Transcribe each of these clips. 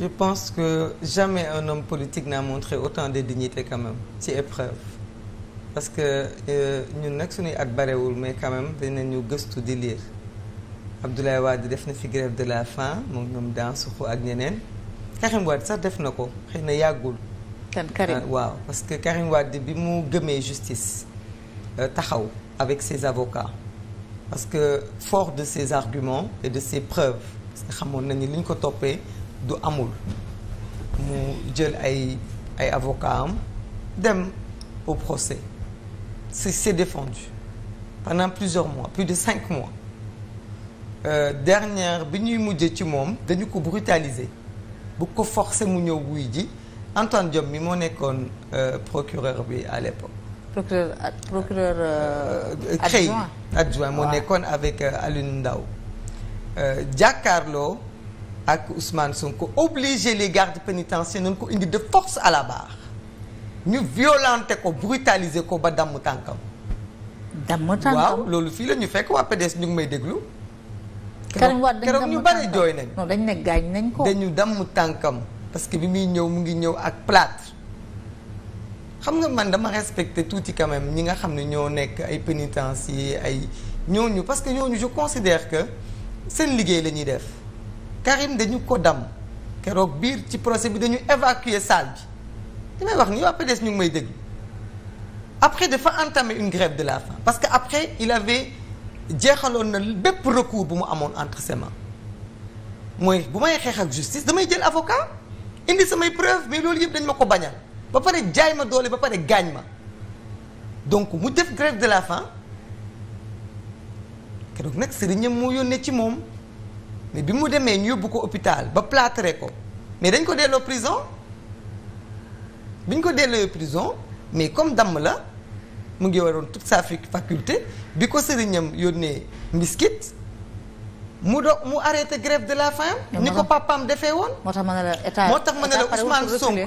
je pense que jamais un homme politique n'a montré autant de dignité quand même ci épreuve parce que euh, ñun nag suñuy at barewul mais quand même ñu gëstu di lire Abdoulaye Wade def na fi grève de la faim moom ñoom Dansokho ak ñeneen Karim Wade sax def na ko xëy na yàggul. kan Karim ah, waaw parce que Karim Wade bi mu gëmee justice euh, taxaw avec ses avocats parce que fort de ses arguments et de ses preuves parce que xamoon nañu li ñu ko toppee. du amul mu jël ay ay avocat am dem au procès c'est c'est défendu pendant plusieurs mois plus de cinq mois euh, dernière bi ñuy mujjee ci moom dañu ko brutaliser bu ko forcer mu ñëw wuy ji Antoine Diome mi moo nekkoon euh, procureur bi à l'époque procureur euh, procureur euh, euh, adjoint adjoint moo nekkoon avec Alioune ndaw jàkkaarloo ak Ousmane Sonko obliger les gardes pénitentiaires nañ ko indi de force à la barre ñu violenter ko brutaliser ko ba damm tànkam. damm tànkam waaw loolu fii la ñu fekk waa PDS ñu ngi may déglu. Karim Wade keroog ñu bari jooy nañ non dañ ne gaañ nañ ko. dañu damm tànkam parce que bi muy ñëw mu ngi ñëw ak plâtre xam nga man dama respecter tuuti quand même ñi nga xam ne ñoo nekk ay pénitencier ay ñooñu parce que ñooñu je considère que seen liggéey lañuy def. Karim dañu ko dam keroog biir ci procès bi dañu évacuer salle bi li may wax nii waa PDS ñu ngi may dégg après dafa entamer une grève de la faim parce que après il avait jeexaloon na bépp recours bu mu amoon entre ses mooy bu may xeex ak justice damay jël avocat indi samay preuve mais loolu yëpp dañ ma ko bañal ba pare jaay ma doole ba pare gaañ ma donc mu def grève de la faim keroog nag sëriñam moo yónnee ci moom. mais bi mu demee ñu yóbbu ko hôpital ba plâtré ko mais dañ ko delloo prison bi ñu ko delloo prison mais comme damm la mu ngi waroon toute sa faculté bi ko sëriñam yónnee mbiskit mu do mu arrêté grève de la faim. ni ko papaam defee woon. moo tax ma ne la état moo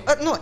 tax